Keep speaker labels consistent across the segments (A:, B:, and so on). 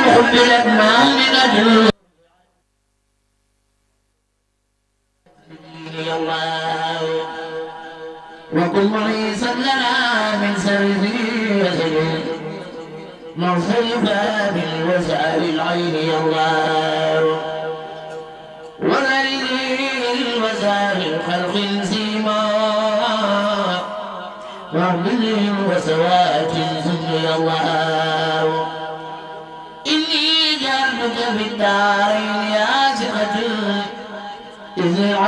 A: الحب لما لنجوم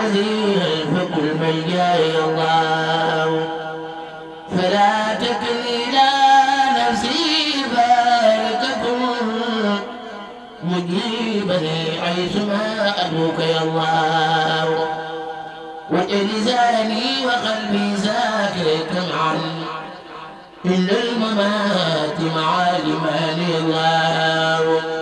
A: عزيز فكل من جاي الله فلا تكن إلى نفسي بارككم مجيبني ما أبوك يا الله واجعل لساني وقلبي ذاكرك معا إن الممات معالما الله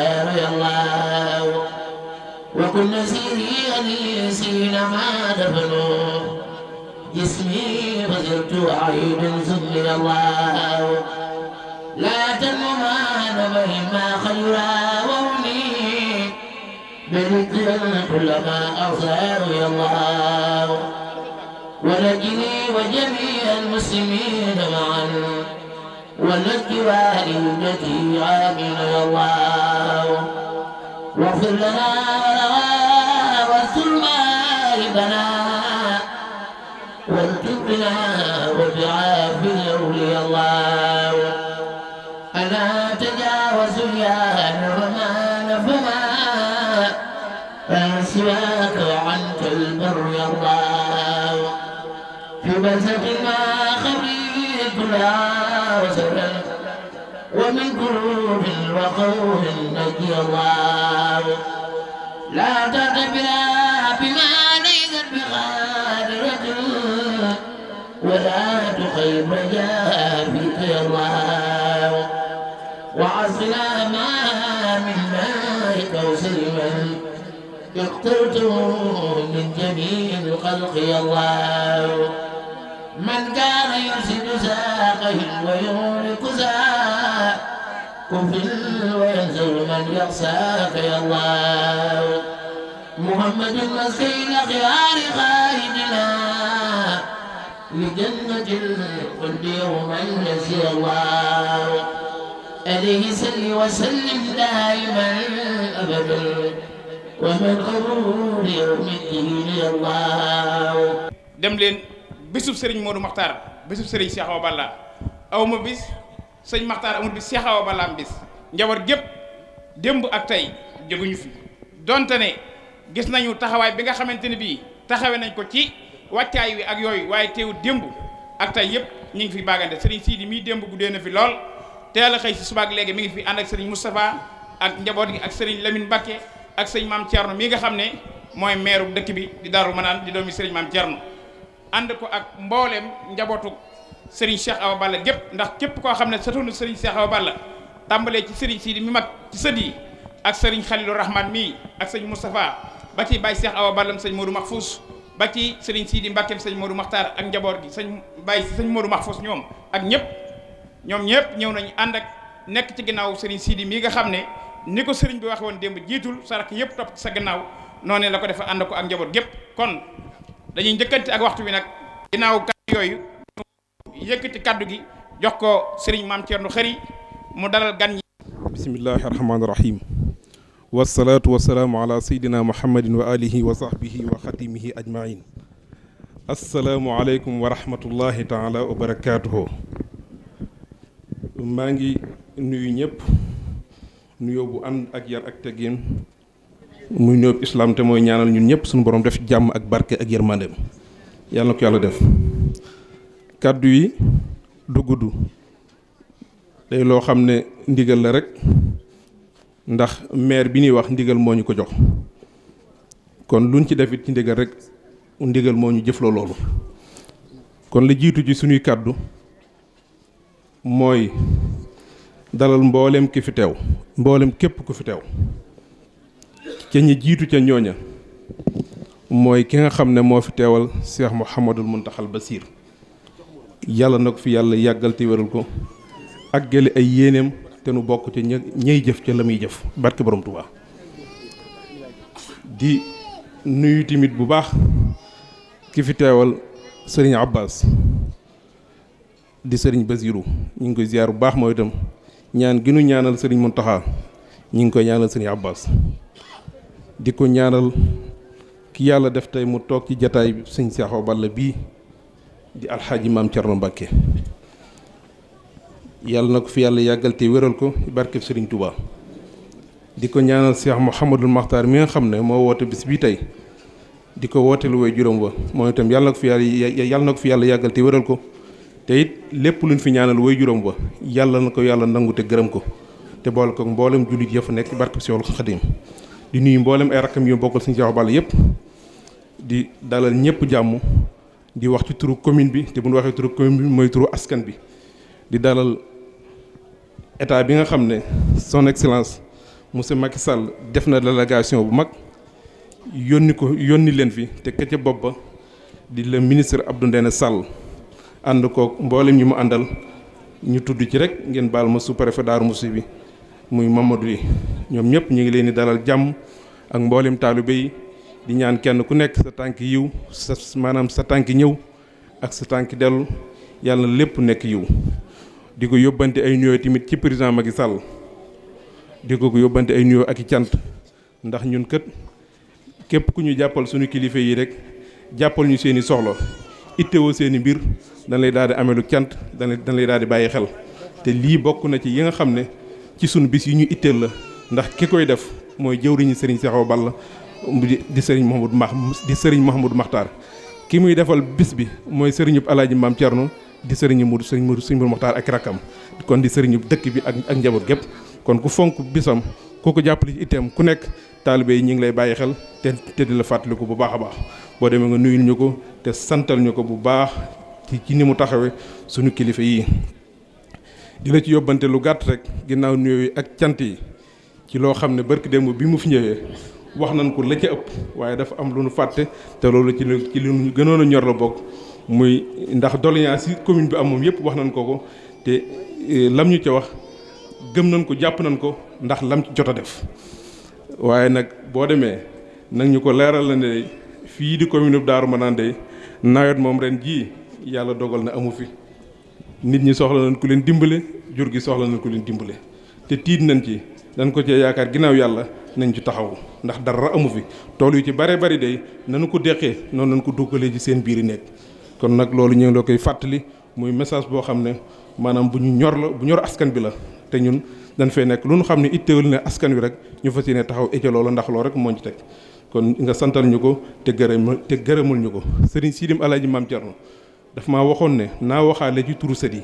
A: رضي الله وكل سيري يسيل ما دفنوا جسمي فزرت عيب ثم الله لا تنم ما ما خيرا وهمي بذكر كل ما أرسل يا الله ولجني وجميع المسلمين معا والجوار التي عامل الله واغفر لنا ولنا واستر لنا وبعافنا ولي الله ألا تجاوز يا الرحمن فما سواك عنك البر يا الله في بسط ما خبير زلزلا ومن قلوب الوقوف النجي الله لا تدبرا بما ليس بغادرة ولا تخيب يا بك الله
B: وعصنا
A: ما من مالك وسلما اقتلته من جميع الخلق يا الله من كان يرسل سائلا إبراهيم ويهلك كفل ويزول من يخشاك في الله محمد مسكين خيار خائدنا لجنة الخلد يوم ينزل الله عليه سل وسلم دائما أبدا ومن غرور يوم
C: الدين الله dem leen bésub sëriñ مختار Makhtar bésub sëriñ الله awma bis sëñ Maxtaar amul bis Seex Awa Balla bis njaboot gépp démb ak tey jóguñu fi donte ne gis nañu taxawaay bi nga xamante ne bii taxawe nañ ko ci wàccaay wi ak yooyu waaye teewu démb ak tey yëpp ñu ngi fi baagante sëriñ Sidi mii démb guddee na fi lool teel xëy si subaak léegi mi ngi fi ànd ak sëriñ Moustapha ak njaboot gi ak sëriñ Lamine Mbacke ak sëñ maam Thierno mii nga xam ne mooy meeru dëkk bi di Daaru Manaan di doomi sëriñ maam Thierno ànd ko ak mboolem njabootu sëriñ Cheikh Awa Balla gépp ndax képp koo xam ne satunu sëriñ Cheikh Awa Balla tàmbalee ci sëriñ Sidi mi mag ci sët yi ak sëriñ Khalilou Rahman mii ak sëñ Moustapha ba ci Baye Cheikh Awa Ballam sëñ Modou Mahfous ba ci sëriñ Sidi Mbackeem sëñ Modou Makhtar ak njaboot gi sëñ bàyyi sëñ Modou Mahfous ñoom ak ñëpp ñoom ñëpp ñëw nañu ànd ak nekk ci ginnaaw sëriñ Sidi mii nga xam ne ni ko sëriñ bi waxe woon démb jiitul sarak yëpp topp sa gannaaw noonu la ko defe ànd ko ak njaboot gépp kon dañuy njëkkante ak waxtu wi nag ginnaaw kàddu yooyu yëkkati kàddu gi jox ko sëriñ maam Thierno Khary mu dalal gan ñi
D: bismillahi rahmaani rahim wasalaatu wasalaamu ala seydina muhammadin wa alihi wa sahbihi wa xatimihi ajmain asalaamu aleykum wa rahmatullahi taala wa barakaatuhu maa ngi nuyu ñëpp nuyoo bu ànd ak yar ak teggin muy nuyoo islaam te mooy ñaanal ñun ñëpp suñu borom def jàmm ak barke ak yërmandeem yàlla na ko yàlla def kàddu yi du gudd day loo xam ne ndigal la rek ndax maire bi ñuy wax ndigal moo ñu ko jox kon luñ ci defit ci ndigal rek ndigal moo ñu jëfloo loolu kon li jiitu ci suñuy kàddu mooy dalal mboolem ki fi teew mboolem képp ku fi teew ca ñi jiitu ca ñooña mooy ki nga xam ne moo fi teewal Cheikh Mouhamadul Muntaxal Basiir yàlla na ko fi yàlla yàggal te wéral ko àggale ay yéeneem te nu bokk ca ñay jëf ca la muy jëf barke borom Tuubaa di nuyu tamit bu baax ki fi teewal sëriñ Abbas di sëriñ Basiru ñu ngi koy ziar bu baax mooy itam ñaan gi nu ñaanal sëriñ Muntaxa ñu ngi koy ñaanal sëriñ Abbas di ko ñaanal ki yàlla def tey mu toog ci jataay bi sëñ Seexu Balla bii di alhaji maam Thierno Mbacke yàlla na fi yalla yagal te weral ko barke Serigne Touba diko ñaanal Cheikh al Makhtar mi nga xamne mo wote bis bi tay diko wote lu way juroom wa mo tam yàlla na ko fi yalla yàlla na fi yalla yagal ya, te weral ko te it lepp luñ fi ñaanal way juroom wa yalla nako ko yàlla nangu te ko te bol ko mbolam julit ya nek barke barkeb khadim di nuyu mbolam ay rakam yu bokkal serigne Seex Balla yep di dalal ñepp jamu di wax ci turu commune bi te bu ñu waxee turu commune bi mooy turu askan bi di dalal état bi nga xam ne son excellence monsieur Macky Sall def na délégation bu mag yónni ko yónni leen fi te ka ca bopp di le ministre Abdou Ndene Sall ànd ko mboolem ñi mu àndal ñu tudd ci rek ngeen baal ma sous-préfet Darou Moussi bi muy Mamadou yi ñoom ñëpp ñu ngi leen di dalal jàmm ak mboolem taalibe yi. di ñaan kenn ku nekk sa tànk yiw sa maanaam sa tànk ñëw ak sa tànk dellu yàlla lépp nekk yiw di ko yóbbante ay nuyoo tamit ci président Macky Sall di ko ko yóbbante ay nuyoo ak i cant ndax ñun kët képp ku ñu jàppal suñu kilifa yi rek jàppal ñu seeni soxla ittewoo seen i mbir dañ lay daal di amelu cant dañ dañ lay daal di bàyyi xel te lii bokk na ci yi nga xam ne ci sunu bis yi ñu itteel la ndax ki koy def mooy jëwriñu Serigne Saxaw Balla di sëriñ Mouhamadou Max di sëriñ Mouhamadou Maxtaar ki muy defal bis bi mooy sëriñub alaaji maam Thierno di sëriñu Moudou sëriñ Moudou sëriñ Moudou Maxtaar ak rakkam kon di sëriñub dëkk bi ak ak njaboot gépp kon ku fonk bisam ku ko jàppale ci ku nekk taalibe yi ñu ngi lay bàyyi xel te te di la fàttaliku bu baax a baax boo demee nga nuyul ñu ko te santal ñu ko bu baax ci ci ni mu taxawe suñu kilifa yii di la ci yóbbante lu gàtt rek ginnaaw nuyoo yi ak cant yi ci loo xam ne barki démb bi mu fi ñëwee wax nañ ko la ca ëpp waaye dafa am lu nu fàtte te loolu ci lu ci lu ñu gënoon a ñor la bokk muy ndax doléance yi commune bi am moom yëpp wax nañ ko ko te eh, lam ñu ca wax gëm nañ ko jàpp nañ ko ndax lam ci jot a def waaye nag boo demee nag ñu ko leeral la ne fii di commune bu Daaru Manaan dey nawet moom ren jii yàlla dogal na amu fi nit ñi soxla nañ ku leen dimbale jur gi soxla nañ ku leen dimbale te tiit nañ ci dañ ko cee yaakaar ginnaaw yàlla nañ ci taxaw ndax dara amu fi tool yu ci bare bari day nanu ko deqee noonu nañ ko duggalee ci seen biir yi nekk kon nag loolu ñu ngi la koy fàttali muy message boo xam ne maanaam bu ñu ñor la bu ñor askan bi la te ñun dañ fee nekk lu ñu xam ne ittewul ne askan wi rek ñu fas yéene taxaw ecca loolu ndax loolu rek moo ñu teg kon nga santal ñu ko te gërëm te gërëmul ñu ko sëriñ Sidim Alaaji Maam Cerno daf maa waxoon ne naa waxaale ci turu sët yi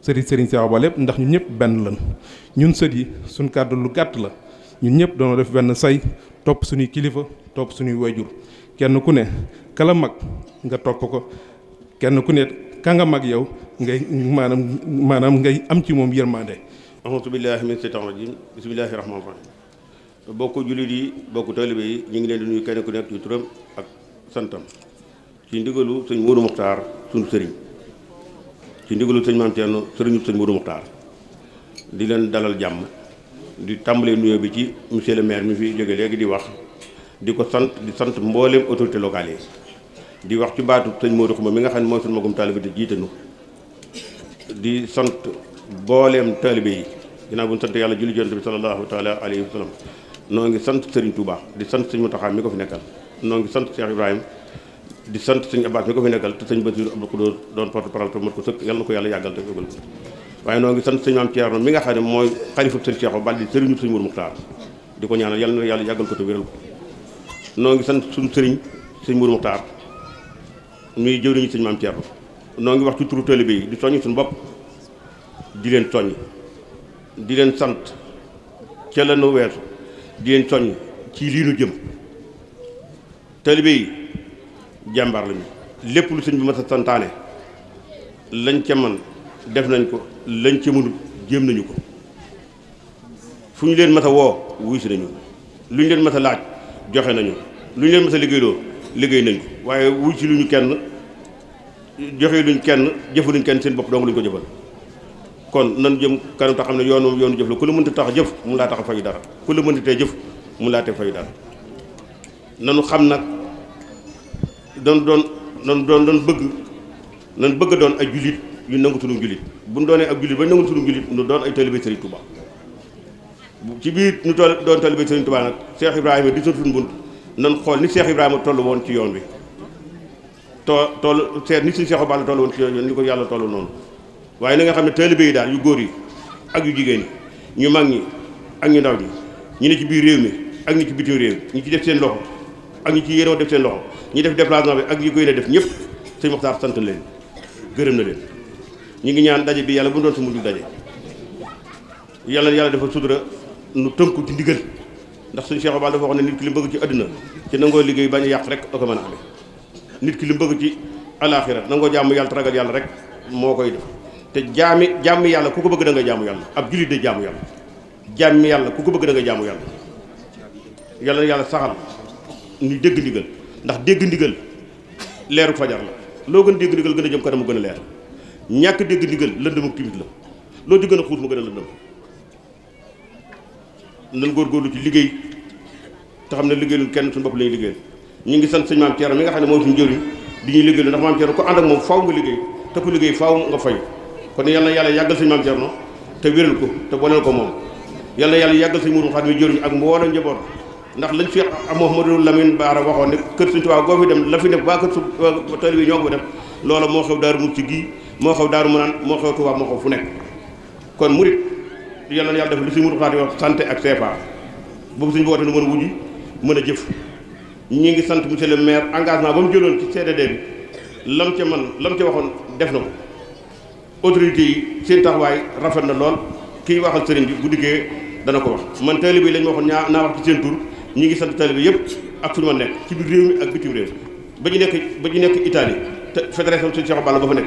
D: sëriñ sëriñ Seex Ba lépp ndax ñu ñëpp benn lan ñun sët yi suñ kàddu lu gàtt la ñun ñëpp doon def benn say topp suñuy kilifa topp suñuy wayjur kenn ku ne kalamag nga topp ko kenn ku ne ka nga yow ngay maanaam maanaam ngay am ci moom yërmande.
E: auzu billaahi min seytaan rajiim bismillaahi rahmaani rahiim bokku jullit yi bokku taalibe yi ñu ngi leen di ñuy kenn ku nekk ci ak santam ci ndigalu sëñ Modou Mokhtar sunu sëriñ ci ndigalu sëñ Maam Thierno sëriñu di leen dalal jàmm. di tàmbalee nuyoo bi ci monsieur le maire mi fi jóge léegi di wax di ko sant di sant mbooleem autorité locale yi di wax ci baatu sëñ Modou Xuma mi nga xam ne mooy suñu magum taalibe di nu di sant mbooleem taalibe yi ginnaaw bu ñu sant yàlla julli jonte bi sallallahu taala alayhi wa noo ngi sant Serigne Touba di sant sëñ Mountakha mi ko fi nekkal noo ngi sant Cheikh Ibrahima di sant sëñ Abbas mi ko fi nekkal te sëñ Bassirou Abdou Khoudoss doon porte parole te mat ko sëkk yàlla na ko yàlla yàggal te yóbbu waaye noo ngi sant sëñ maam Thierno mi nga xam ne mooy xalifab sëñ Cheikh Balla di sëriñu sëñ Mour Muxtaar di ko ñaanal yàlla na yàlla yàggal ko te wéral ko noo ngi sant suñ sëriñ sëñ Mour Muxtaar muy jëwriñu sëñ maam Thierno noo ngi wax ci turu taalibe yi di soññ suñu bopp di leen soññ di leen sant ca la nu weesu di leen soññ ci lii jëm taalibe yi jàmbaar lañu lépp lu sëñ bi mas a santaane lañ ca man def nañ ko lañ ci mënut jéem nañu ko fu ñu leen mat a woo wuy nañu lu ñu leen mat a laaj joxe nañu lu ñu leen mat a liggéeyloo liggéey nañ waaye wuy si luñu kenn joxe luñ kenn jëfu luñ kenn seen bopp dong luñ ko jëfal kon nan jëm kanam ta xam ne yoonu yoonu jëf la ku la mënta tax jëf mu laa tax a fayu dara ku la mënta tee jëf mu laa tee fayu dara nanu xam nag doon doon nan doon doon bëgg nan bëgg doon ay jullit yu nangu tudd jullit bu ñu doonee ak jullit ba nangu tudd jullit ñu doon ay talibé Serigne Touba ci biir ñu toll doon talibé Serigne Touba nag Cheikh Ibrahima di suñu bunt nan xool ni Cheikh Ibrahima toll woon ci yoon bi to toll seet ni si Cheikh Ibrahima toll woon ci yoon ni ko yàlla toll noonu waaye na xam ne talibé yi daal yu góor yi ak yu jigéen ñi ñu mag ñi ak ñu ndaw ñi ñu ne ci biir réew mi ak ñi ci bitim réew ñi ci def seen loxo ak ñi ci yéenoo def seen loxo ñi def déplacement bi ak ñi koy def ñëpp sëñ Moxtaar sant leen gërëm na leen ñu ngi ñaan daje bi yàlla bu doon su mujj daje yàlla yàlla dafa sutura nu tënku ci ndigal ndax suñu Cheikh Obal dafa ne nit ki li bëgg ci àddina ci nangoo liggéey bañ a yàq rek ko mën a amee nit ki li bëgg ci alaxira nangoo jaamu yàlla ragal yàlla rek moo koy te jaami jaami yàlla ku ko bëgg danga nga jaamu yàlla ab jullit de jaamu yàlla jaami yàlla ku ko bëgg da nga jaamu yàlla yàlla yàlla saxal ñu dégg ndigal ndax dégg ndigal leeru fajar la loo gën dégg ndigal gën a jëm kanam mu gën a leer ñàkk dégg ndigal lëndëm ak timit la loo ci gën a xuus mu gën a lëndëm nan góorgóorlu ci liggéey te xam ne liggéeyul kenn suñu bopp lañuy liggéeyal ñu ngi sant sëñ maam mi nga xam ne mooy suñu njëriñ di ñuy liggéeyal ndax maam Thierno ko ànd ak moom faaw nga liggéey te ku liggéey faaw nga fay kon yàlla yàlla yàggal sëñ maam te wéral ko te booleel ko moom yàlla yàlla yàggal sëñ Mourou Xaadim jëriñ ak mboolem njaboot ndax lañ fi Mouhamadou Lamine Baara waxoon ne kër suñu tubaab goo fi dem la fi def waa kër su taalibe ñoo ko loola moo xew daaru mu ci gii moo xaw daaru mu naan moo xaw Tuubaa moo xaw fu nekk kon mu yàlla na yàlla def lu si mu xaati wax santé ak CFA boobu suñu woote nu mën a wujji mën a jëf ñi ngi sant monsieur le maire engagement ba mu jëloon ci CDD bi lam ca man lam ca waxoon def na ko autorité yi seen rafet na lool kii waxal sëriñ bi bu diggee dana ko wax man taalibe yi lañ ma waxoon ñaa naa wax ci seen tur ñi ngi sant taalibe yëpp ak fu ñu ma nekk ci biir réew mi ak bitim réew ba ñu nekk ba ñu nekk Italie te fédération sëñ Cheikh Balla ba fa nekk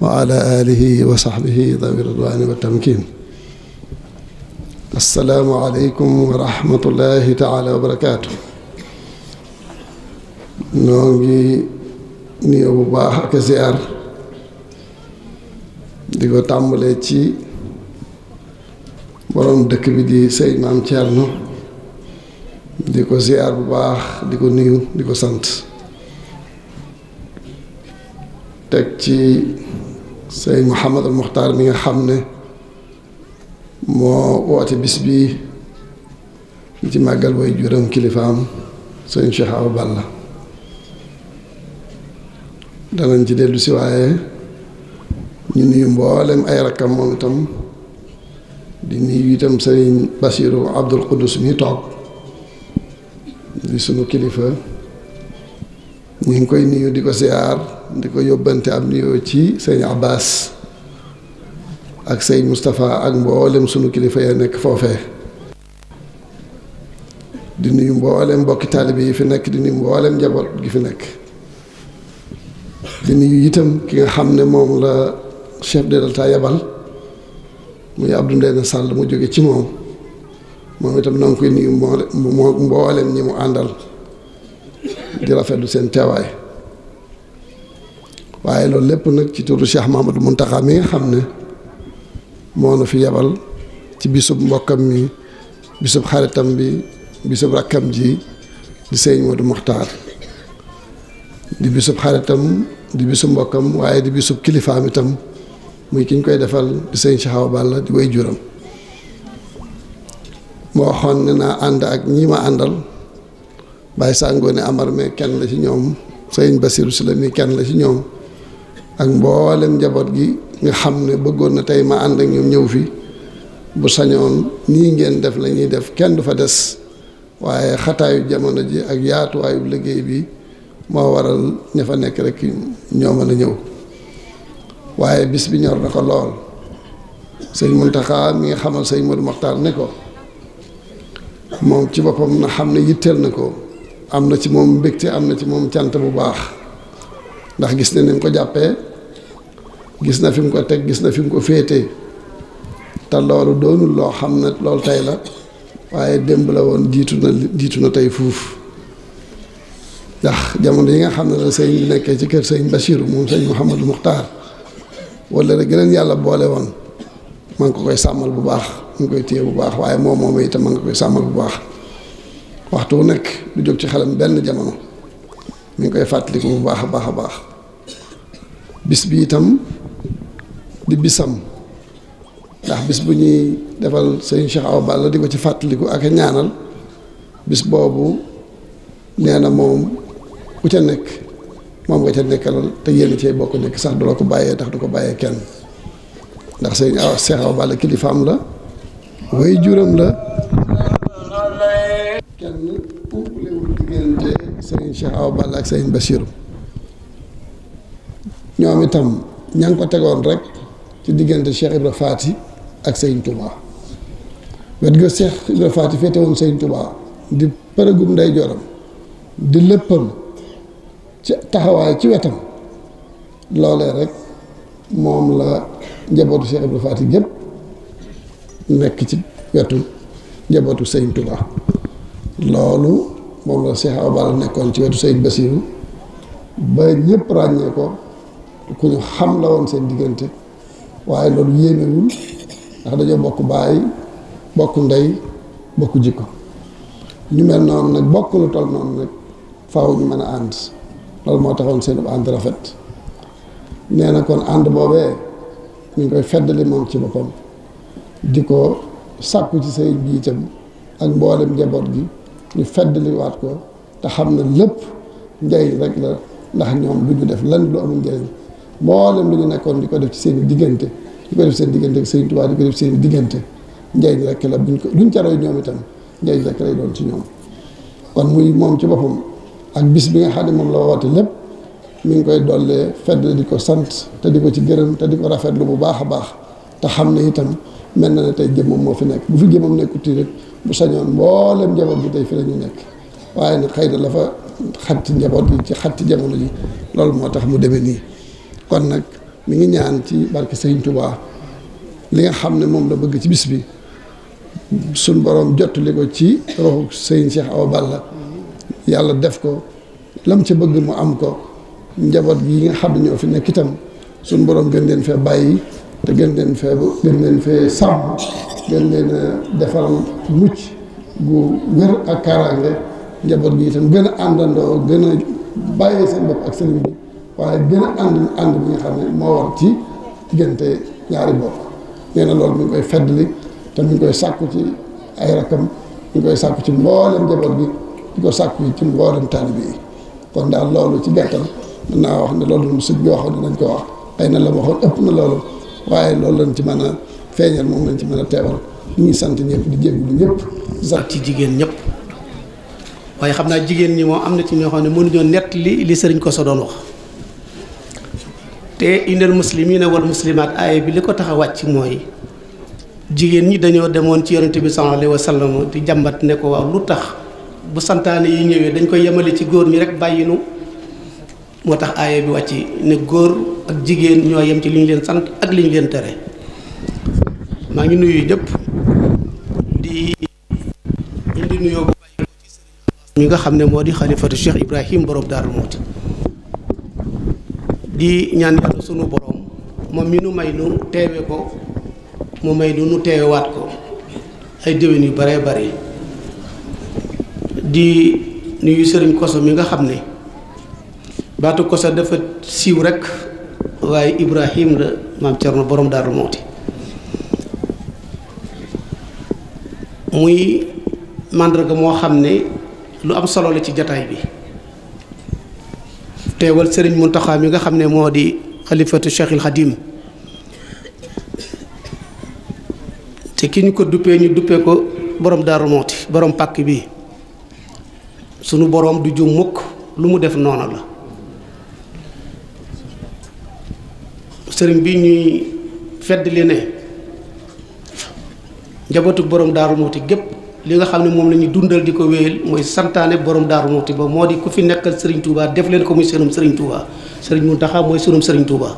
F: wa ala alihi wa sahbihi dawi ridwaani wa tamkin assalaamu aleykum wa rahmatullahi taala wa barakaatu noo ngi nuyoo bu baax ak ziar di ko tàmbalee ci borom dëkk bi di sëy maam Thierno di ko ziar bu baax di ko nuyu di ko sant teg ci سيد محمد المختار مي خامني مو واتي بس بي نتي ماغال واي جورم كليفام سيد شيخ ابو بالا دا نجي ديلو سي واي ني نوي مبولم اي ركام موم تام دي نيو تام سيد بشير عبد القدوس مي توك دي سونو كليفه ñu ngi koy nuyu di ko siyaar di ko yóbbante am nuyoo ci sëñ Abbas ak sëñ mustafa ak mboolem sunu kilifa ya nekk foofee di nuyu mboolem mbokki taalibe yi fi nekk di nuyu mboolem njaboot gi fi nekk di nuyu itam ki nga xam ne moom la chef de l'État muy Abdou Ndéné mu jóge ci moom moom itam na nga koy nuyu mboolem ñi mu àndal di rafetlu seen teewaay waaye loolu lépp nag ci turu Cheikh Mahamadou Muntaxa mi nga xam ne moo nu fi yebal ci bisub mbokkam mi bisub xaritam bi bisub rakkam ji di sëñ Modou Mokhtar di bisub xaritam di bisub mbokkam waaye di bisub kilifaam itam muy kiñ koy defal di sëñ Cheikh Awa Balla di way juram moo waxoon ne naa ànd ak ñi ma àndal Baye Sangoone Amar mi kenn la ci ñoom Sëriñ Basiru Sula mi kenn la ci ñoom ak mboolem njaboot gi nga xam ne bëggoon na tey ma ànd ak ñoom ñëw fi bu sañoon nii ngeen def lañuy def kenn du fa des waaye xataayu jamono ji ak yaatuwaayu liggéey bi moo waral ña fa nekk rek ñoo mën a ñëw waaye bis bi ñor na ko lool sëñ Muntaxa mi nga xamal sëñ Modou Mokhtar ne ko moom ci boppam na xam ne yitteel na ko am na ci mom mbekté am na ci mom tiant bu baax ndax gis na nim ko jappé gis na fim ko tek gis na fim ko fété ta lolu doonul lo xamna lolu tay la waye demb la won jiitu na jiitu na tey fuuf ndax jamono yi nga xamna ne la sëñ bi ci kër sëñ bashir mu sëñ mohammed mukhtar wala rek gënal yalla boole won ko koy samal bu baax ma koy téye bu baax waye mom momay tam ma koy samal bu baax waxtu wu nekk du jóg ci xelam benn jamono mi ngi koy fàttaliku bu baax a baax a baax bis bi itam di bisam ndax bis bu ñuy defal sëñ Cheikh Awa Balla di ko ci fàttaliku ak a ñaanal bis boobu nee na moom ku ca nekk moom nga ca nekkaloon te yéen cee bokk nekk sax du la ko bàyyee ndax du ko bàyyee kenn ndax sëñ Cheikh Awa Balla kilifaam la way juram la kenn umpulewul diggante sëriñ Cheikh Awa Balla ak sëriñ Bassirou ñoom itam ña ngi ko tegoon rek ci diggante Cheikh Ibra Faati ak sëriñ Touba wet ga Cheikh Ibra Faati féete woon sëriñ Touba di përëgum nday joram di léppam ci taxawaay ci wetam loolee rek moom la njabootu Cheikh Ibra Faati gépp nekk ci wetu njabootu sëriñ Tuubaa loolu moom la Cheikh Awa Balla nekkoon ci wetu sëriñ Basiiru ba ñëpp ràññee ko ku ñu xam la woon seen diggante waaye loolu yéemewul ndax dañoo bokk baay bokk ndey bokk jikko ñu mel noonu nag bokk lu toll noonu nag faaw ñu mën a ànd loolu moo taxoon seen ànd rafet nee na kon ànd boobee ñu ngi koy feddali moom ci boppam di ko sàkku ci sëriñ bi itam ak mboolem njaboot gi ñu feddaliwaat ko te xam ne lépp njëriñ rek la ndax ñoom du ñu def lan lu amul njëriñ mboolem lu ñu nekkoon di ko def ci seen diggante di ko def seen diggante ak sëriñ Tuubaa seen diggante njëriñ rek la buñ ko duñ ca roy ñoom itam njëriñ rek lay doon ci ñoom kon muy moom ci boppam ak bis bi nga xam ne moom la woote lépp mu ngi koy dollee fedd di ko sant te di ko ci gërëm te di ko rafetlu bu baax a baax te xam ne itam mel na ne tey jëmmam moo fi nekk bu fi jëmmam nekku rek bu sañoon mboolem njaboot bi tey fi lañu nekk waaye nag xëy na la fa xatti njaboot yi ci xatti jamono ji loolu moo tax mu demee nii kon nag mi ngi ñaan ci barke Sëriñ Tuubaa li nga xam ne moom la bëgg ci bis bi sun borom jottali ko ci roxu Sëriñ Cheikh Awa Balla yàlla def ko lam ci bëgg mu am ko njaboot gi nga xam ne ñoo fi nekk itam sun borom gën leen fee bàyyi te gën leen fee gën leen fee sàmm gën leen defar mucc gu wér ak kaaraange njaboot bi itam gën a àndandoo gën a bàyyi seen bopp ak seen bi waaye gën a ànd ànd bi nga xam ne moo war ci diggante ñaari bopp nee loolu mi ngi koy feddali te mi ngi koy sàkku ci ay rakam mi ngi koy sàkku ci mboolem njaboot bi di ko sàkku ci mboolem taalibe yi kon daal loolu ci gàttal mën naa wax ne loolu mu sëñ bi waxoon dinañ ko wax xëy na la waxoon ëpp na loolu waaye loolu lañ ci man a feeñal moom lañ ci mën a teewal ñu ngi sant ñëpp di jéggalu ñëpp. sax ci jigéen ñëpp waaye xam naa jigéen ñi moom am na ci ñoo xam ne mënuñoo
G: nett li li sëriñ ko sa doon wax te indal muslimina wal muslimaat aaya bi li ko tax a wàcc mooy jigéen ñi dañoo demoon ci yonente bi sallallahu alayhi wa di jàmbat ne ko waaw lu tax bu santaane yi ñëwee dañ ko yemale ci góor ñi rek bàyyinu motax tax bi wàcc ne gor ak jigen ñoy yam ci liñu leen sant ak liñu leen téré ma ngi nuyu di indi nuyu bu bàyyi ko ci mi nga modi Cheikh Ibrahim borom di ñaan yalla suñu borom moom mi nu may nu téwé ko mu may nu nu wat ko ay déwén yu bare bare di nuyu serigne kosso mi nga baatu ko sa dafa siiw rek waaye Ibrahim la maam Cerno borom Daaru Muxti muy màndarga moo xam ne lu am solo la ci jataay bi teewal sëriñ Muntaxa mi nga xam ne moo di xalifatu Cheikhul Xadim te ki ñu ko duppee ñu duppee ko boroom Daaru Muxti borom pàkk bi sunu boroom du jum mukk lu mu def noonu la Sering bi ñuy fedd li ne njabootu borom daru muti gep li nga xamne mom lañu dundal di ko moy santane borom daru muti ba modi di ku fi nekkal serigne Touba def leen ko muy serum serigne Touba serigne sering moy serum serigne Touba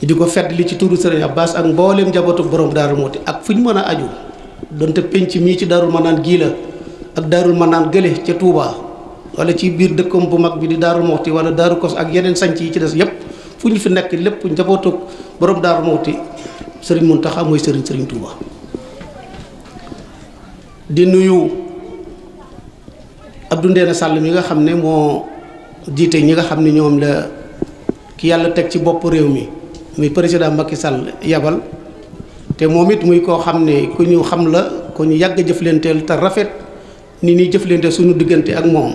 G: diko fedd li ci touru serigne Abbas ak mbollem borom daru muti ak fuñ mëna aju donte penc mi ci darul manan ak darul manan gele ci Touba wala ci biir dëkkoom bu mag bi di Daaru Muxti wala Daaru Kos ak yeneen sanc yi ci des yépp fu ñu fi nekk lépp njabootug borom Daaru Muxti sëriñ mun mooy sëriñ sëriñ Touba. di nuyu Abdou Ndéné Sall mi nga xam ne moo jiite ñi nga xam ne ñoom la ki yàlla teg ci bopp réew mi muy président Macky Sall yabal te moom it muy koo xam ne ku ñu xam la ku ñu yàgg jëflanteel te rafet ni ñuy jëflante suñu diggante ak moom.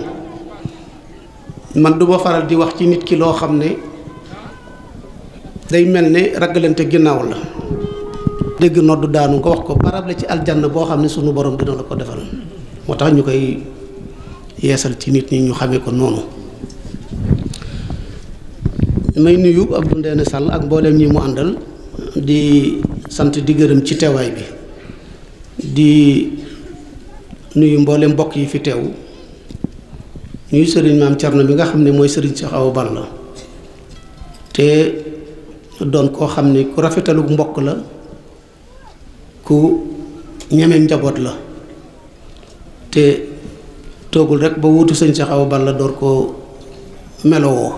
G: man duma faral di wax ci nit ki loo xam ne day mel ne ragalante ginnaaw la dégg noddu daanu nga wax ko barab la ci aljanna boo xam sunu borom dina la ko defal moo tax ñu koy yeesal ci nit ñi ñu xamee ko noonu may nuyu Abdou Ndéné ak mboolem ñi mu àndal di sant di gërëm ci teewaay bi di nuyu mboolem mbokk yi fi ñuy sëriñ maam Cerno bi nga xam ne mooy sëriñ xaw Awa la te doon koo xam ne ku rafetalug mbokk la ku ñeme njaboot la te toogul rek ba wuutu sëñ xaw Awa la doon ko melowoo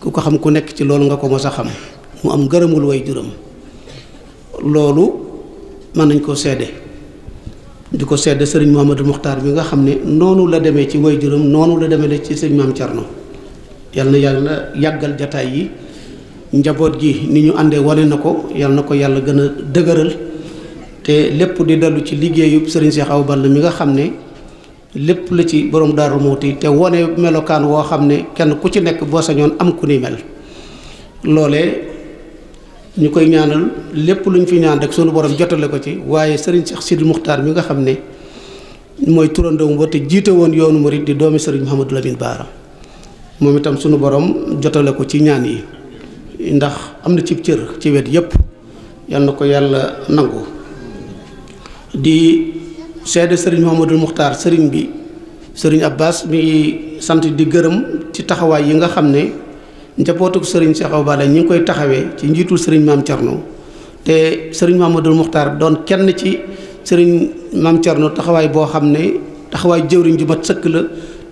G: ku ko xam ku nekk ci loolu nga ko mos a xam mu am gërëmul way juram loolu mën nañ koo seede di ko sedd sëriñ Mouhamadou Mokhtar bi nga xam ne noonu la demee ci way juróom noonu la demee ci sëriñ maam Thierno yal na yàlla yàggal jataay yi njaboot gi ni ñu àndee wane na ko yal na ko yàlla gën a dëgëral te lépp di dellu ci liggéeyub sëriñ Cheikh Awa mi nga xam ne lépp la ci borom Daaru Muuti te wane melokaan woo xam ne kenn ku ci nekk boo sañoon am ku ni mel loolee ñu koy ñaanal lepp luñ fi ñaan rek sunu borom jotale ko ci waye serigne Cheikh sidou mukhtar mi nga xamne ne mooy turandoom ba te yoonu murid di doomi serigne Mouhamadou Lamine bara momi tam sunu borom jotale ko ci ñaan yi ndax amna yep cib ci wet yépp yalla nako yalla nangu di seede serigne Mouhamadou mukhtar serigne bi serigne Abbas mi sante di gërëm ci taxaway yi nga xamne njabootug sëriñ Cheikh Awa Balla ñi ngi koy taxawee ci njiitul sëriñ maam Thierno te sëriñ Mamadou Muxtaar doon kenn ci sëriñ maam Thierno taxawaay boo xam ne taxawaay jëwriñ ju mat sëkk la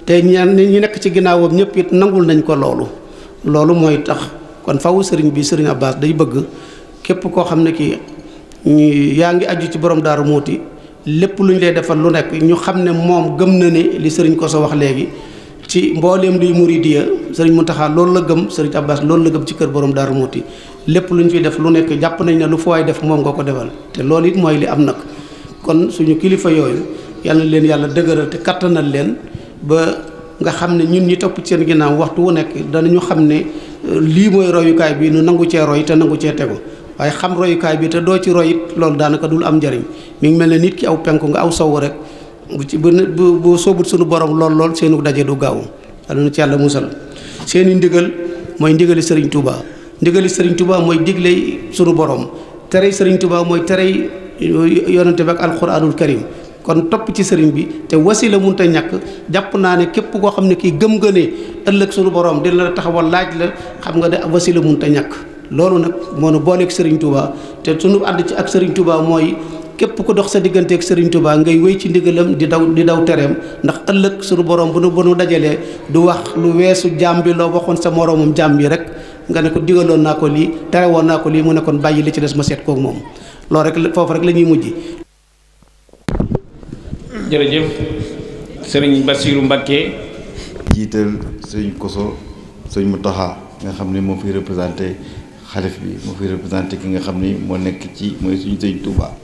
G: te ñaan ñi nekk ci ginnaawam ñëpp it nangul nañ ko loolu loolu mooy tax kon faw sëriñ bi sëriñ Abbas day bëgg képp koo xam ne kii yaa ngi aju ci borom daaru muuti lépp lu ñu lay defal lu nekk ñu xam ne moom gëm na ne li sëriñ ko sa wax léegi ci mbooleem luy muridiya serigne Muntaxa loolu la gëm serigne Abbas loolu la gëm ci kër borom daru Muti lepp luñ fi def lu nekk japp nañ ne lu fa def mom nga defal té it moy li am nak kon suñu kilifa yooyu yalla leen yalla deugëral té katanal leen ba nga xamné ñun ñi top ci seen ginaaw waxtu wu nekk danañu xamné euh, li moy royu kay bi nu nangu ci roy té nangu ci téggu way xam kay bi té do ci roy it loolu daanaka dul am njariñ mi ngi melni nit ki aw penku nga aw sowu rek bu ci bu sobut suñu borom lool lool seenu dajé du gaaw ci musal seeni ndigal mooy ndigali sëriñ Touba ndigali sëriñ Touba mooy digley sunu borom terey sëriñ Touba mooy terey yonante bi ak alquranul karim kon topp ci sëriñ bi te wasila mun ta ñàkk jàpp naa ne képp koo xam ne kii gëm nga ne ëllëg sunu borom dina la taxawal laaj la xam nga de wasila mun ta ñàkk loolu nag moo nu booleeg sëriñ Touba te sunu ànd ci ak sëriñ Touba mooy képp ko dox sa digganteeg Serigne Touba ngay wéy ci ndigalam di daw di daw tereem ndax ëllëg suñu borom bu nu bu nu dajalee du wax lu weesu jaam bi loo waxoon sa moromum jaam bi rek nga ne ko digaloon naa ko lii terewoon naa ko lii mu nekkoon kon bàyyi li ci des ma seet koog moom loolu rek foofu rek la ñuy mujj.
C: jërëjëf Serigne
B: Bassirou Mbacké. jiital sëñ Koso sëñ Mountakha nga xam ni moo fi représenté xalif bi moo fi représenté ki nga xam ni moo nekk ci mooy suñu sëñ Touba.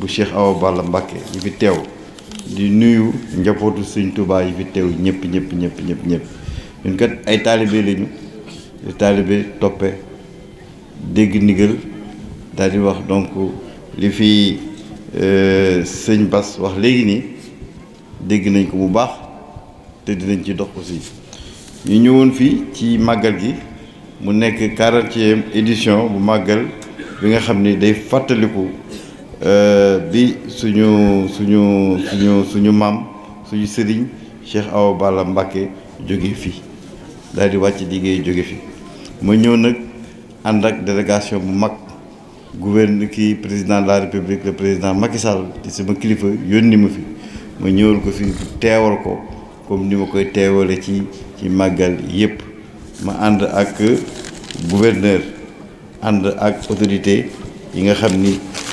B: bu Cheikh Awa Balla Mbacké yi fi teew di nuyu njabootu Sëriñ touba yi fi teew ñëpp ñëpp ñëpp ñëpp ñëpp ñun kat ay talibé lañu ay taalibe toppe dégg ndigal daal di wax donc li fi euh, sëñ Bass wax léegi nii dégg nañ ko bu baax te dinañ ci dox aussi ñu ñëwoon fii ci màggal gi mu nekk 40e édition bu màggal bi nga xam ni day fàttaliku bi euh, suñu suñu suñu suñu maam suñu sëriñ Cheikh Awa Balla Mbacké jóge fi daal di wàcc liggéey jóge fi ma ñëw nag ànd ak délégation bu mag gouverne kii président la république le président Macky Sall di sama kilifa yónni ma fi ma ñëwal ko fi teewal ko comme ni ma koy teewale ci ci màggal yépp ma ànd ak gouverneur ànd ak autorité yi nga xam ni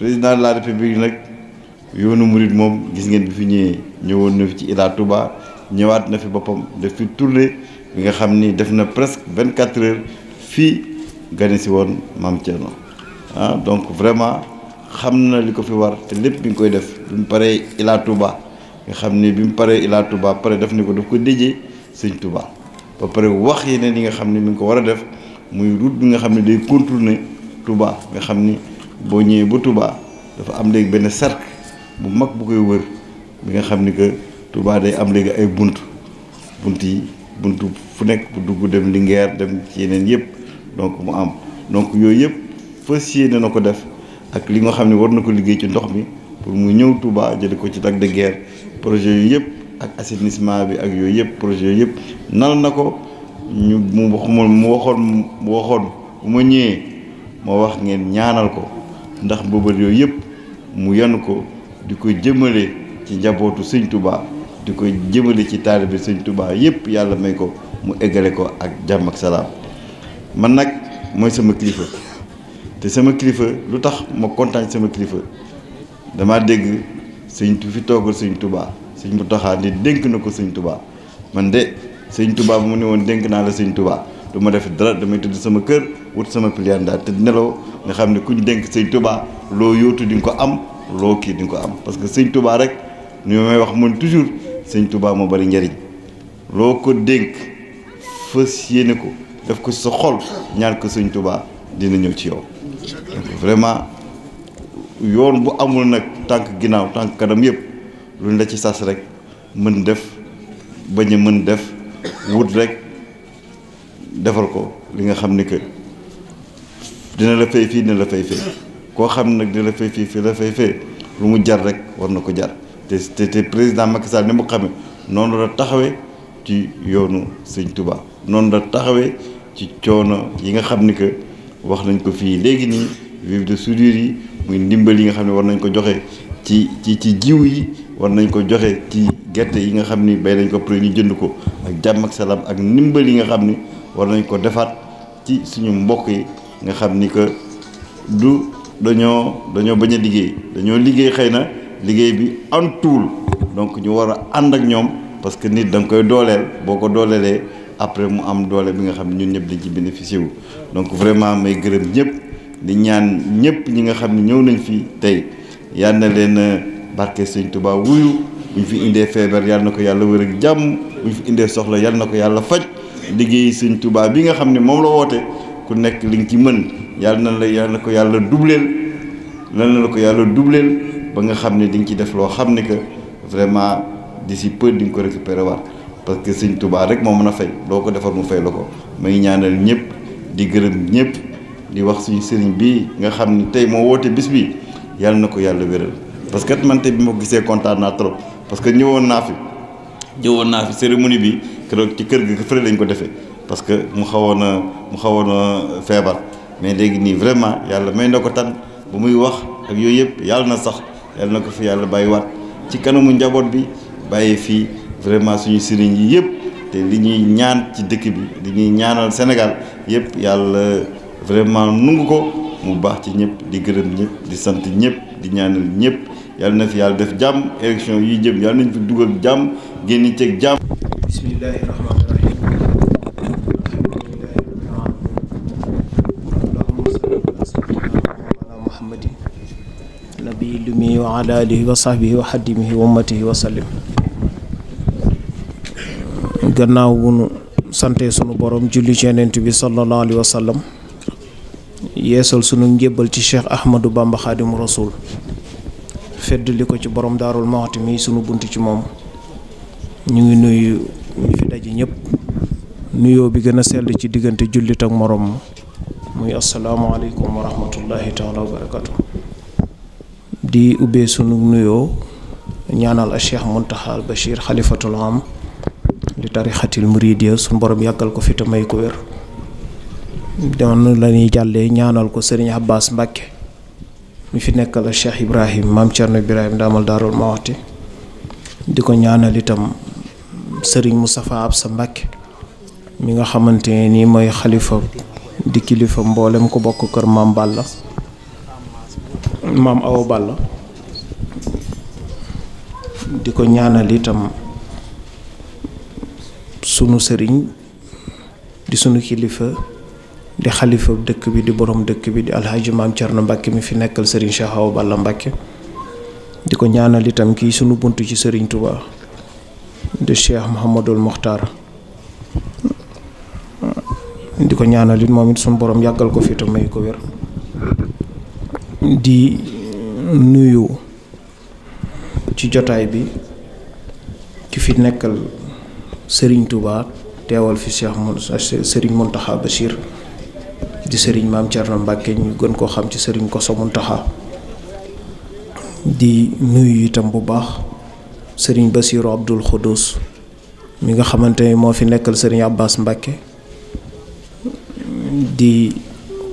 B: président de la république nag yoonu murit moom gis ngeen bi fi ñëwee ñëwoon na ci Ila Touba ñëwaat na fi boppam def fi tournée bi nga xam ni def na presque vingt quatre heures fii gane si woon maam Thierno ah donc vraiment xam na li ko fi war te lépp bi nga koy def bi mu paree Ila Touba nga xam ni bi mu paree Ila Touba pare def ni ko daf ko déjee sëñ Touba ba pare wax yeneen yi nga xam ni mi ngi ko war a def muy route bi nga xam ne day contourner Touba nga xam ni. boo ñëwee bu Touba dafa am léegi benn cercle bu mag bu koy wër bi nga xam ni que Touba day am léegi ay bunt bunt yi bunt fu nekk bu dugg dem li Linguère dem ci yeneen yëpp donc mu am donc yooyu yëpp fas yéene na ko def ak li nga xam ne war na ko liggéey ci ndox mi pour mu ñëw Touba jële ko ci Lac de Guiers projet yooyu yëpp ak assainissement bi ak yooyu yëpp projet yooyu yëpp nal na ko ñu mu wax mu waxoon mu waxoon bu ma ñëwee moo wax ngeen ñaanal ko ndax mbëbët yooyu yëpp mu yan ko di ko jëmale ci njabootu sëñ tubaa di ko jëmale ci taalibe sëñ tubaa yëpp yàlla may ko mu eggale ko ak jàmm ak salaam man nag mooy sama kilifa te sama kilifa lu tax ma kontaan sama kilifa damaa dégg sëñ tu fi toogal sëñ tubaa sëñ mu taxaa ni dénk na ko sëñ tubaa man de sëñ tubaa bu mu ne woon dénk naa la sëñ tubaa du ma def dara damay tëdd sama kër wut sama piliaan daal tëdd nelaw nga xam ne ku ñu dénk sëñ Touba loo yóotu di nga ko am loo kii di nga ko am parce que sëñ Touba rek ñu may wax man toujours sëñ Touba moo bari njariñ loo ko dénk fës yéene ko def ko sa xol ñaan ko sëñ Touba dina ñëw ci yow vraiment yoon bu amul nag tànk ginnaaw tànk kanam yëpp luñ la ci sas rek mën def bañ a mën def wut rek defal ko li nga xam ni que dina la fay fii dina la fay fee koo xam nag dina la fay fii fii la fay fee lu mu jar rek war na ko jar te te président Macky Sall ni mu xamee noonu la taxawee ci yoonu sëñ Touba noonu la taxawee ci coono yi nga xam ni que wax nañ ko fii léegi nii vivre de soudure yi muy ndimbal yi nga xam ne war nañ ko joxe ci ci ci jiw yi war nañ ko joxe ci gerte yi nga xam ni bay nañ ko pour ñu jënd ko ak jàmm ak salaam ak ndimbal yi nga xam ni. war nañ ko defaat ci suñu mbokk yi nga xam ni que du dañoo dañoo bañ a liggéey dañoo liggéey xëy na liggéey bi antuwul donc ñu war a ànd ak ñoom parce que nit danga koy dooleel boo ko dooleelee après mu am doole bi nga xam ne ñun ñëpp dañ ci bénéficié wu donc vraiment may gërëm ñëpp di ñaan ñëpp ñi nga xam ne ñëw nañ fi tey yal na leen euh, barke sëñ Tuubaa wuyu bu ñu fi indee feebar yal na ko yàlla wér ak jàmm bu ñu fi indee soxla yal na ko yàlla faj liggéey sëñ Touba bi nga xam ne moom la woote ku nekk li nga ci mën yàlla na la yàlla na ko yàlla dubleel lan na la ko yàlla dubleel ba nga xam ne di nga ci def loo xam ne que vraiment si peu di nga ko récupérer waat parce que sëñ Touba rek moo mën a fay loo ko defal mu fay la ko may ñaanal ñëpp di gërëm ñëpp di wax suñu sëriñ bi nga xam ni tey moo woote bis bi yàlla na ko yàlla wéral parce que man tey bi ma ko gisee kontaan naa trop parce que ñëwoon naa fi. jëwoon naa fi cérémonie bi kéro ci kër gi fële lañ ko défé parce que mu xawona mu xawona fébar mais légui ni vraiment yalla may ndako tan bu muy wax ak yooyu yëpp yàlla na sax yalla nako fi yalla yàlla wat ci kanamu njabot bi bàyyi fi vraiment suñu sëriñ yi yëpp té li ñuy ñaan ci dëkk bi li ñuy ñaanal Sénégal yëpp yalla vraiment nungu ko mu baax ci ñëpp di gërëm ñëpp di sant ñëpp di ñaanal ñëpp يال نف يال ديف جام اليكسيون يي جيم يال نين في دوغال جام جيني تيك جام بسم الله الرحمن الرحيم
H: وعلى اله وصحبه وحدمه وامته وسلم غناو بونو سانتي سونو بوروم جولي سي نانتبي صلى الله عليه وسلم ييسال سونو نجيبال تي شيخ احمد بامبا خادم الرسول feddali ko ci boroom daarul Muxti mii sunu bunt ci moom ñu ngi nuyu ñu fi daje ñëpp nuyoo bi gën a sell ci diggante jullit ak morom muy asalaamaaleykum wa rahmatullahi taala wa di ubbee sunu nuyoo ñaanal a cheikh muntaxal bachir xalifatul am di tarixatil muridiya sunu borom yàggal ko fi te ko wér doon lañuy jàllee ñaanal ko sëriñ Abbas Mbàkke mi fi nekkal Cheikh Ibrahim maam Thierno Ibrahim daamal daarul ma waxti di ko ñaanal itam sëriñ Moustapha Absa Mbacké mi nga xamante ni mooy xalifa di kilifa mboolem ko bokk kër maam di ko ñaanal itam sunu sëriñ di sunu kilifa di xalifa dëkk bi di borom dëkk bi di alxaaji maam na Mbàkke mi fi nekkal sëriñ Cheikh Awa Balla Mbàkke di ko ñaanal itam kii sunu bunt ci sëriñ Touba di Cheikh Mouhamadul Mokhtar di ko ñaanal it moom it sunu ko fi te may ko wér ci jotaay bi ki fi nekkal sëriñ Touba teewal fi Cheikh Sëriñ Mountakha di sëriñ maam Thierno Mbacke ñu gën ko xam ci sëriñ Koso Muntaxa di nuyu itam bu baax sëriñ basir Abdul khodous mi nga xamantene mo fi nekkal sëriñ Abbas Mbacke di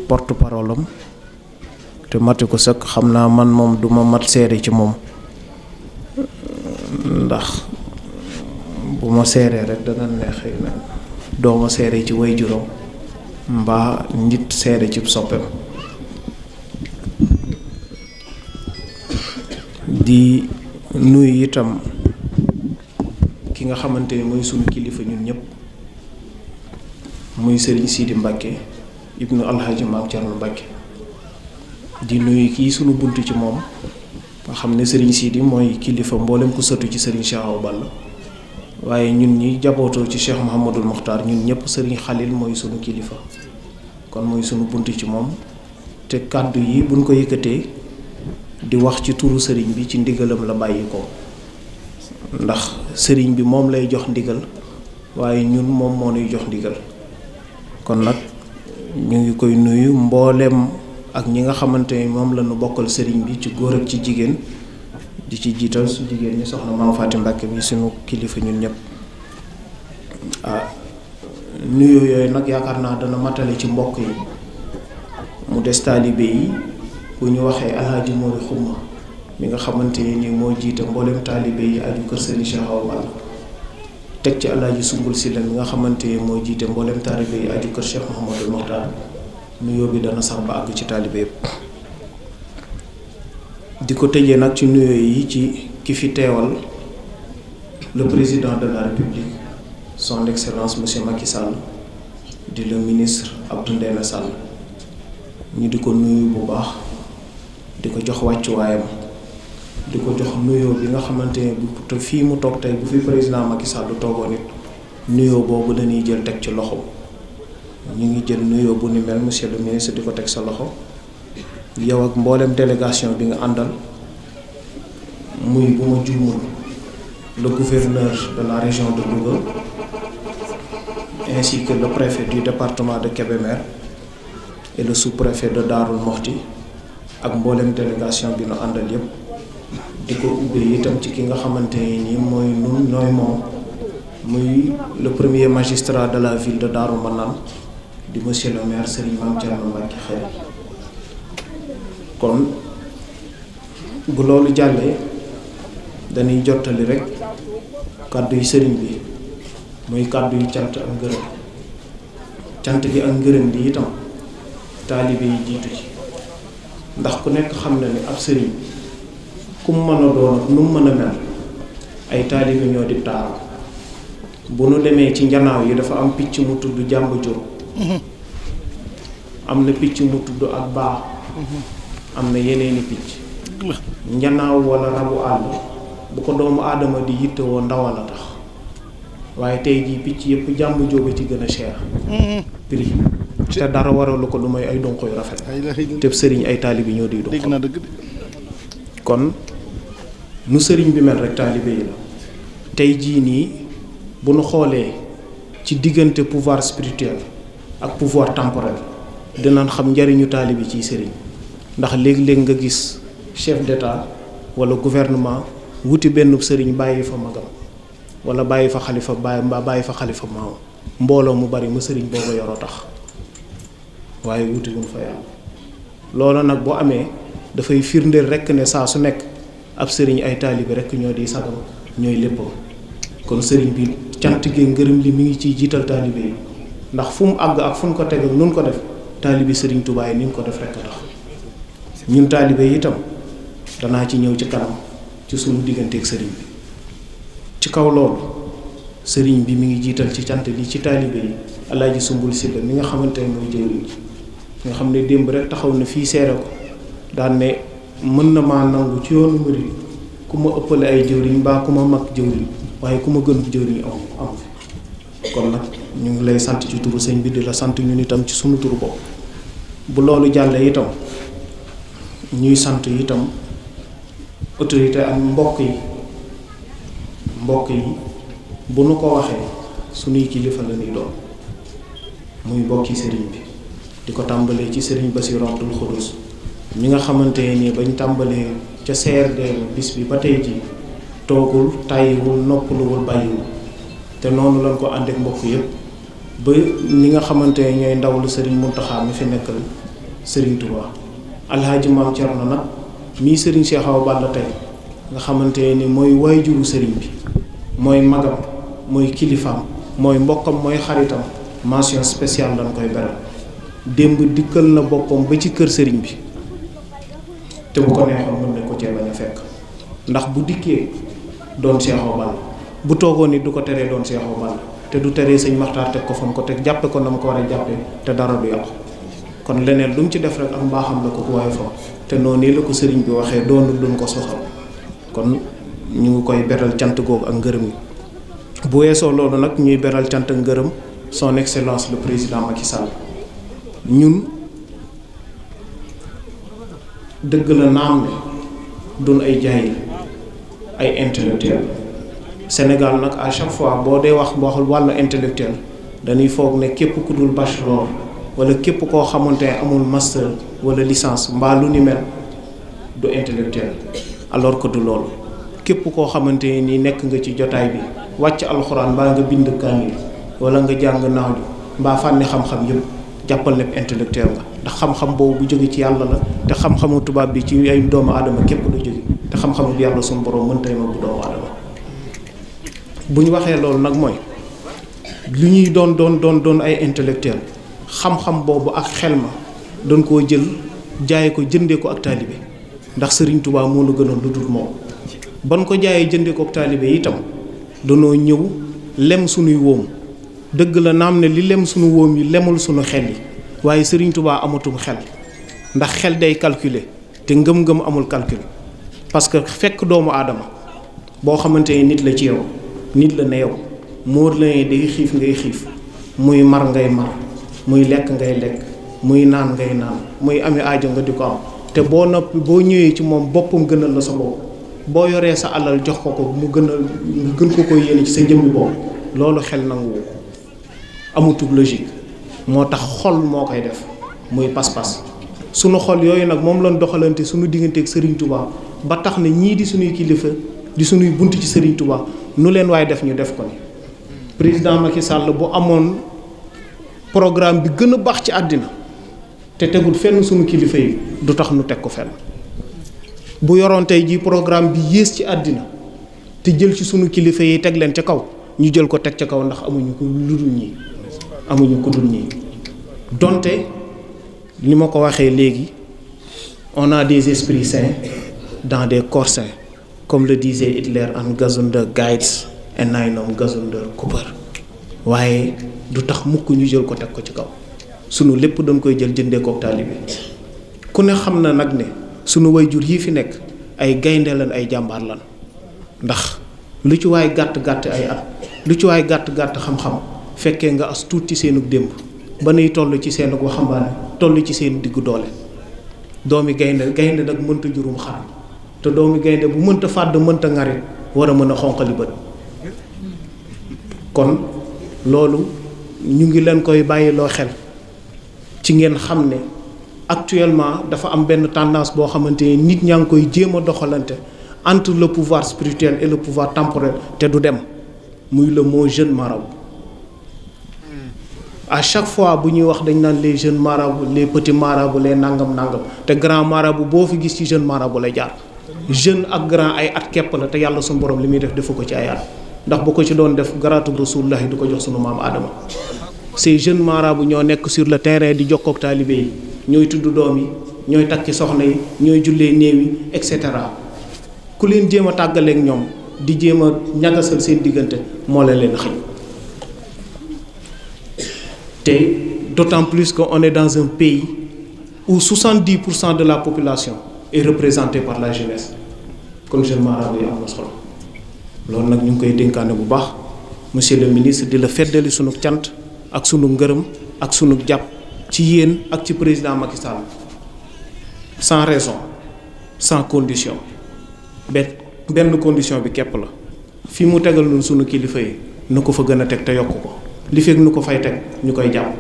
H: porte parole am te matu ko sak xamna man mom duma mat séré ci mom ndax buma séré rek dana neex neexé na do ma séré ci wayjuro mbaa nit seede ci soppeem di nuyu itam ki nga xamante ni mooy sunu kilifa ñun ñëpp muy sëriñ Sidi Mbacke ibnu Alhaji Maam Cerno Mbacke di nuyu kii sunu bunt ci moom nga xam ne sëriñ Sidi mooy kilifa mboolem ku sëtu ci sëriñ Cheikh Awa Balla waaye ñun ñi jabootoo ci Cheikh Mouhamadul Mokhtar ñun ñëpp sëriñ Xalil mooy sunu kilifa kon mooy sunu bunt ci moom te kàddu yi buñ ko yëkkatee di wax ci turu sëriñ bi ci ndigalam la bàyyi ko ndax sëriñ bi moom lay jox ndigal waaye ñun moom moo nuy jox ndigal kon nag ñu ngi koy nuyu mboolem ak ñi nga xamante ni moom la bokkal sëriñ bi ci góor ak ci jigéen di ci jiital su jigéen ñi soxna Maam Faati Mbàkke bi suñu kilifa ñun ñëpp ah yooyu nag yaakaar naa dana matale ci mbokk yi mu des taalibe yi bu ñu waxee alhaaji Moodu Xumma mi nga xamante ni nii moo jiite mboolem taalibe yi aju kër Sëriñ Cheikh Awa Balla teg ci alhaaji Sumbul Silla mi nga xamante ne moo jiite mboolem taalibe yi aju kër Cheikh Mouhamadul Moxtaar nuyoo bi dana sax ba àgg ci taalibe yëpp. di ci le président de la république son excellence monsieur Macky Sall le ministre Abdou nous Sall ñu di ko bu baax jox jox Nous bi nga bu président Macky Sall Nous sommes nous boobu dañuy jël teg ci Nous sommes ngi jël monsieur le ministre di yow ak mboolem délégation bi nga àndal muy bu ma le gouverneur de la région de Louga ainsi que le préfet du département de Kébémer et le sous-préfet de Darul Mokhti ak mboolem délégation bi nu àndal yépp di ko ubbee itam ci ki nga xamante ni mooy nun nooy moom muy le premier magistrat de la ville de Darou Manane di monsieur le maire Serigne Mame Thierno Mbacke kon bu loolu jàllee dañuy jottali rekk kàddu yu sëriñ bi muy kàddu yu cant ak ngërëm cant gi ak ngërëm li itam taalibe jiitu ci ndax ku nekk xam na ni ab sëriñ ku mën a doon nu mën a mel ay taalibe ñoo di taaram bu nu demee ci njanaaw yi dafa am picc mu tudd jàmb jur mhm. am na picc mu tudd ak baax mhm. am na yeneeni picc njanaaw wala rabu àll bu ko doomu aadama di yittewoo ndaw la tax waaye tey jii picc yëpp jàmb jóobe ci gën a cher mm-hmm. prix te dara waralu ko lu may ay donko yu rafet te sëriñ ay taalibi ñoo di donko kon nu sëriñ bi mel rek taalibe yi la tey jii nii bu nu xoolee ci diggante pouvoir spirituel ak pouvoir temporel dinañ xam njariñu taalibi ciy sëriñ ndax léeg-léeg nga gis chef d'état wala gouvernement wuti benn sëriñ bàyyi fa magam wala bàyyi fa xalifa bàyyi bàyyi fa xalifa maam mbooloo mu bari ma sëriñ yor a tax waaye wuti wuñ fa yàlla loolu nag boo amee dafay firndeel rekk ne saa su nekk ab sëriñ ay taalibe rekk ñoo di sagam ñooy léppam kon sëriñ bi cant gi ngërëm li mi ngi ciy jiital taalibe yi ndax fu mu àgg ak fu ñu ko tegal nun ko def taalibe sëriñ Tuubaa yi ni ñu ko def rek ñun taalibe itam danaa ci ñëw ci kanam ci sunu digganteeg sëriñ bi ci kaw loolu sëriñ bi mi ngi jiital ci cant li ci taalibe yi alaaji sumbul silla mi nga xamante ne mooy jëriñ nga xam ne démb rek taxaw na fii seere ko daane mën na maa nangu ci yoonu murid ku ma ëppale ay jëwriñ mbaa ku ma mag jëwriñ waaye ku ma gën jëwriñ am am kon nag ñu ngi lay sant ci turu sëñ bi di la sant ñun itam ci sunu turu bopp bu loolu jàllee itam ñuy sant itam autorité ak mbokk yi mbokk yi bu nu ko waxee suñuy kilifa la ñuy doon muy mbokki sëriñ bi di ko tàmbalee ci sëriñ Basiru Abdul Xudus mi nga xamante ni bañ tàmbalee ca CRD bis bi ba tey ji toogul tàyyiwul noppaluwul bàyyiwul te noonu lañ ko ànd ak mbokk yëpp ba ñi nga xamante ñooy ndaw lu sëriñ Muntaxa mi fi nekkal sëriñ Tuubaa alxaaji maam Cerno nag mii sëriñ Cheikh Awa tey nga xamante ni mooy waajuru sëriñ bi mooy magam mooy kilifaam mooy mbokkam mooy xaritam mention spéciale lañ koy beral démb dikkal na boppam ba ci kër sëriñ bi te bu ko neexoon mën na ko cee bañ a fekk ndax bu dikkee doon Cheikh Awa bu toogoon ni du ko teree doon Cheikh Awa te du teree sëñ Maxtaar teg ko fa ko teg jàppe ko na mu ko war a jàppe te dara du yàqu kon leneen lu mu ci def rek ak mbaaxam la ko wooye fa te noonu nii la ko sëriñ bi waxee doonul lu mu ko soxal kon ñu ngi koy beral cant googu ak ngërëm yi bu weesoo loolu nag ñuy beral cant ak ngërëm son excellence le président Macky Sall ñun dëgg la naam ne duñ ay jaay ay intellectuel Sénégal nag à fois boo dee wax waxul wàllu intellectuel dañuy foog ne képp ku dul bachelor wala képp koo xamante ne amul master wala licence mbaa lu ni mel du intellectuel alors que loolu képp koo xamante ni nekk nga ci jotaay bi wàcc alxuraan mbaa nga bind kaamil wala nga jàng naaw mbaa fànni xam-xam yëpp jàppal lépp intellectuel nga ndax xam-xam boobu bu jóge ci yàlla la te xam-xamu tubaab bi ci ay doomu aadama képp lu jóge te xam-xamu bi yàlla suñu borom mënta ma bu doomu aadama bu ñu waxee loolu nag mooy li ñuy doon doon doon doon ay intellectuel xam-xam boobu ak xel ma dañ koo jël jaaye ko jëndee ko ak taalibe ndax sëriñ Tuubaa moo nu gënoon lu dul moom ban ko jaayee jëndee ko ak taalibe itam danoo ñëw lem sunuy wóom dëgg la naam ne li lem sunu woom yi lemul sunu xel yi waaye sëriñ Tuubaa amatum xel ndax xel day calculer te ngëm-ngëm amul calcul parce que fekk doomu aadama boo xamante ne nit la ci yow nit la ne yow moor la day xiif ngay xiif muy mar ngay mar muy lekk ngay lekk muy naan ngay naan muy amee aajo nga di ko am te boo noppi boo ñëwee ci moom boppam gënal la sa bopp boo yoree sa alal jox ko ko mu gën a mu gën ko koy yéene ci sa jëmmi bopp loolu xel nangu amutug logique moo tax xol moo koy def muy pas-pas sunu xol yooyu nag moom lañ doxalante sunu digganteeg Serigne Touba ba tax ne ñii di suñuy kilifa di suñuy bunt ci Serigne Touba nu leen waaye def ñu def ko ni président Macky Sall bu amoon. programme bi gën a baax ci àddina te tegul fenn sunu kilifa yi du tax nu teg ko fenn bu yoroon tey jii programme bi yées ci àddina te jël ci sunu kilifa yi teg leen ca kaw ñu jël ko teg ca kaw ndax amuñu ko lu ñi amuñu ko dul donte li ma ko waxee léegi on a des esprits sains dans des corps comme le disait Hitler an gesunder Geist and einen gesunder Körper waaye du tax mukk ñu jël ko teg ko ci kaw sunu lépp dañ koy jël jëndee koog taalibi ku ne xam na nag ne sunu wayjur yi fi nekk ay gaynde lan ay jàmbaar lan ndax lu ci waay gàtt gàtt ay at lu ci waay gàtt gàtt xam-xam fekkee nga as tuuti seenug démb ba nuy toll ci seenug waxambaane toll ci seen digg doole doomi gaynde gaynde nag mënta jurum khan, te doomi gaynde bu mënta fàdd mënta ngari war a mën a xonqali bët kon loolu ñu ngi leen koy loo xel ci ngeen xam ne actuellement dafa am benn tendance boo xamante ni nit ñaa ngi koy jéem a doxalante entre le pouvoir spirituel et le pouvoir temporel te du dem muy le mot jeune marabout à chaque fois bu ñuy wax dañ naan les jeunes marabouts les petits marabouts les nangam nangam te grand marabout boo fi gis ci jeune marabout lay jaar jeune ak grand ay at kepp la te yàlla suñu borom li muy def defu ko ci ay at ndax bu ko ci doon def garaatub rasulullah yi du ko jox sunu mam Adam. ces jeunes marabouts ño nek sur le terrain di jokkook taalibe yi ñooy tudd doom yi takki soxna yi ñooy jullee néew et cetera ku leen jéem a tàggaleeg di jéem ñagasal seen diggante moo la leen xëy d'autant plus que on est dans un pays où 70 de la population est représentée par la jeunesse comme jeune marabout yi am loolu nag ñu ngi koy dénkaane bu baax monsieur le ministre di la feddali sunu cant ak sunu ngërëm ak sunu jàpp ci yéen ak ci président Macky sans raison sans condition bet benn condition bi képp la fi mu tegal nun sunu kilifa yi nu ko fa gën a teg te yokk ko li fekk nu ko fay teg ñu koy jàpp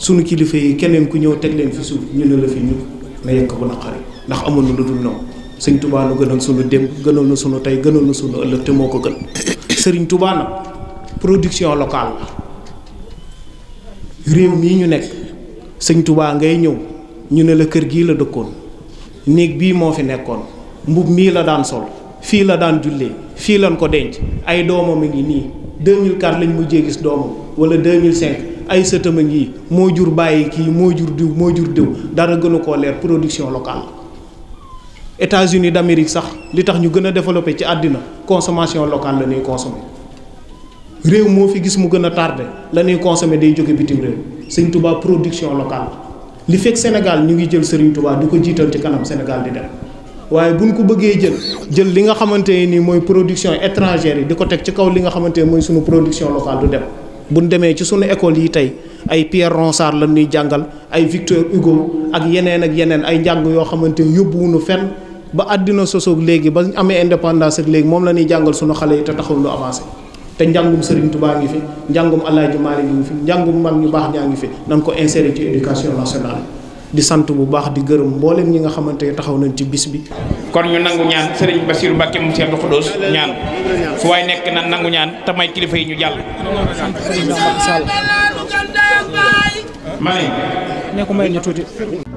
H: sunu kilifa yi keneen ku ñëw teg leen fi suuf ñu ne la fi ñu na yekk bu naqari ndax amoon na lu dul noonu sëñ tubaa nu gënal sunu démb gënal na sunu tey gënal na sunu ëllëg te moo ko gën sëriñ tubaa production locale la réew mii ñu nekk sëñ tubaa ngay ñëw ñu ne la kër gii la dëkkoon néeg bii moo fi nekkoon mbub mii la daan sol fii la daan jullee fii lañ ko denc ay doomam a ngi nii 2004 lañ mujjee gis doomam wala 2005 ay sëtam a ngi moo jur bàyyi kii moo jur diw moo jur diw dara gënu koo leer production locale États-Unis d'Amérique sax li tax ñu gëna a développé ci adina consommation locale la ñuy consommé réew moo fi gis mu gëna tardé la ñuy consommer day joggé bitim réew Sëñ Touba production locale li fekk Sénégal ñu ngi jël Sëriñ Touba diko ko ci kanam Sénégal di dem waye buñ ko bëggé jël jël li nga xamanté ni moy production étrangère diko tek ci kaw li nga xamanté moy suñu production locale du dem buñ démé ci suñu école yi tay ay Pierre Ronsard lañ ñuy jangal ay Victor Hugo ak yenen ak yenen ay yo xamanteni yobbu wuñu fenn ba adino sosok legi, ba amé indépendance ak legi, mom la ñuy jangal suñu xalé ta te lu avancer té jangum Serigne Touba ngi fi njàngum Alhaji malik ngi fi jangum man ñu bax ñangi fi nan ko insérer ci éducation nationale di sant bu baax di gërëm mboolem ñi nga xamanteni taxaw nañ ci bis bi
C: kon ñu nangu ñaan Serigne bassir Mbacké mu Cheikh Khoudous ñaan fu way nekk nan nangu ñaan tamay kilifa yi ñu jall
H: ma ne. ne ko may